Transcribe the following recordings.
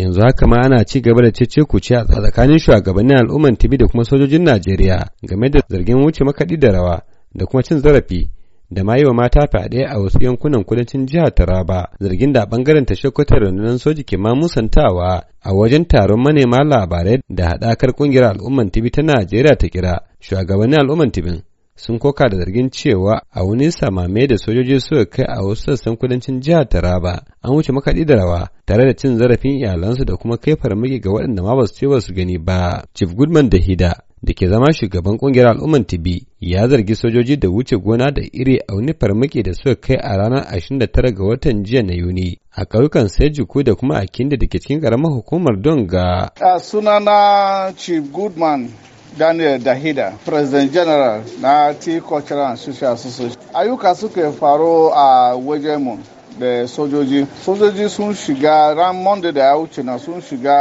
yanzu haka ma ana ci gaba da cece kuce a tsakanin shugabannin al'umman tibi da kuma sojojin najeriya game da zargin wuce makaɗi da rawa da kuma cin zarafi da ma yi wa mata fyaɗe a wasu yankunan kudancin jihar taraba zargin da bangaren tashakkutar rundunar soji ke ma musantawa a wajen taron manema labarai da haɗakar ƙungiyar al'umman tibi ta najeriya ta kira shugabannin al'umman tibin sun koka da zargin cewa a wani samame da sojoji suka kai a wasu sassan kudancin jihar Taraba an wuce makaɗi da rawa tare da cin zarafin iyalansu da kuma kai farmaki ga waɗanda ma ba su ce ba gani ba. Chief Goodman da Hida da ke zama shugaban kungiyar al'umman tibi ya zargi sojoji da wuce gona da iri a wani farmaki da suka kai a ranar 29 ga watan jiya na yuni a ƙauyukan sejuku da kuma a kindi da ke cikin ƙaramar hukumar donga. sunana chief goodman daniel dahida president general na t cultural and social association ayyuka suka faro a wajenmu da sojoji sojoji sun shiga ran monday da ya wuce na sun shiga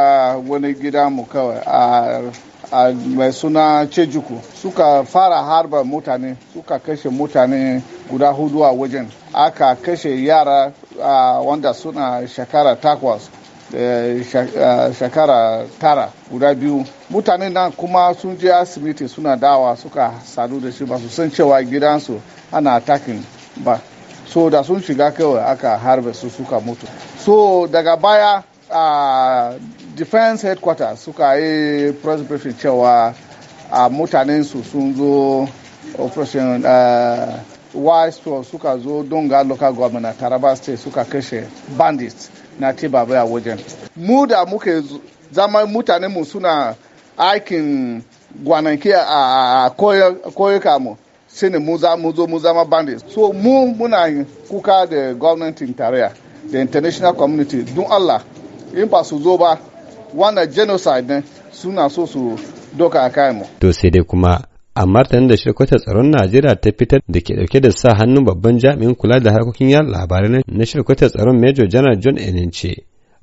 wani gida mu kawai a a mai suna cejuku suka fara harba mutane suka kashe mutane guda hudu a wajen aka kashe yara wanda suna shekara takwas shekara tara guda biyu mutane nan kuma sun je asibiti suna dawa suka sadu da shi ba su san cewa gidansu ana takin ba so da sun shiga kawai aka harbe su suka mutu so daga baya a defense headquarters suka yi press cewa a mutanen su sun zo operation wise suka zo donga local government a taraba state suka kashe bandits na ce ba baya wajen mu da muke zama mutane mu suna aikin gwananki a koyuka mu sai ne mu za mu zo mu zama bandit so mu muna kuka da gwamnatin tarayya da international community don allah in ba su zo ba wannan genocide ne suna so su doka a kayan mu to sai dai kuma a martanin da shirkwatar tsaron Najeriya ta fitar da ke dauke da sa hannun babban jami'in kula da harkokin yan labarai na shirkwatar tsaron Major General John Enenche.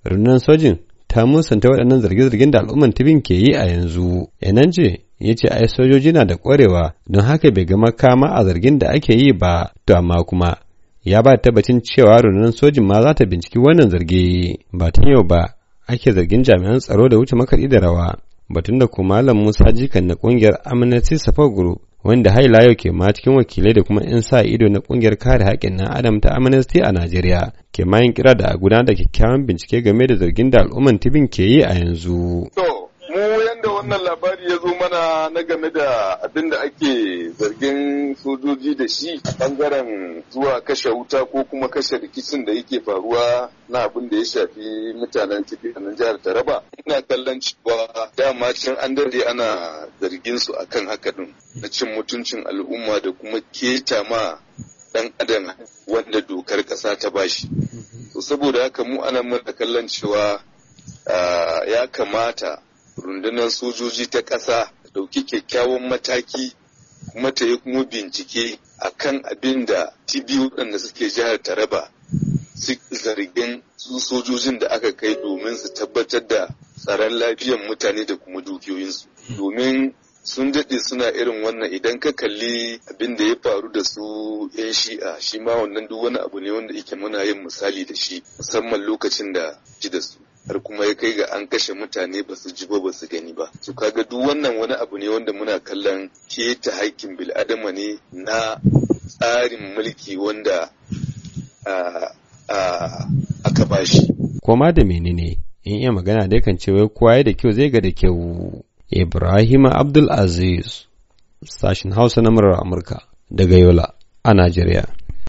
Rundunar sojin ta musanta waɗannan zarge-zargen da al'umman tibin ke yi a yanzu. Enenche ya ce ai sojoji na da ƙwarewa don haka bai gama kama a zargin da ake yi ba to amma kuma ya ba tabbacin cewa rundunar sojin ma za ta binciki wannan zarge ba tun yau ba ake zargin jami'an tsaro da wuce makaɗi da rawa batun da kuma Malam Musa Jikan na kungiyar Amnesty Support Group wanda haila yau ke ma cikin wakilai da kuma 'yan sa ido na kungiyar kare haƙƙin na adam ta Amnesty a Najeriya ke ma yin kira da a gudanar da kyakkyawan bincike game da zargin da al'umman Tibin ke yi a yanzu. mu yanda wannan labari ya zo mana na game da abin da ake zargi sojoji da shi a bangaren zuwa kashe wuta ko kuma kashe rikicin da yake faruwa na abin da ya shafi mutanen cikin a nan jihar Taraba. Ina kallon cewa dama cin an dade ana zargin su akan haka ɗin, na cin mutuncin al'umma da kuma keta ma dan adam wanda dokar kasa ta bashi. Saboda haka mu ana muna kallon cewa ya kamata rundunar sojoji ta ƙasa ɗauki kyakkyawan mataki kuma ta yi kuma bincike a kan abin da biyu waɗanda suke jihar taraba su zargin su sojojin da aka kai domin su tabbatar da tsaron lafiyar mutane da kuma dukiyoyinsu domin sun daɗe suna irin wannan idan ka kalli abin da ya faru da su 'yan shi'a shi ma wannan duk wani abu ne wanda yake muna yin misali da shi musamman lokacin da ji da su har kuma ya kai ga an kashe mutane ba su ji ba ba su gani ba to kaga duk wannan wani abu ne wanda muna kallon keta haƙƙin bil'adama ne na tsarin mulki wanda aka ba shi? koma da menene in iya magana dai kan cewa kowa ya da kyau zai ga da kyau Ibrahim Abdul Aziz sashin Hausa na murar Amurka daga Yola a Najeriya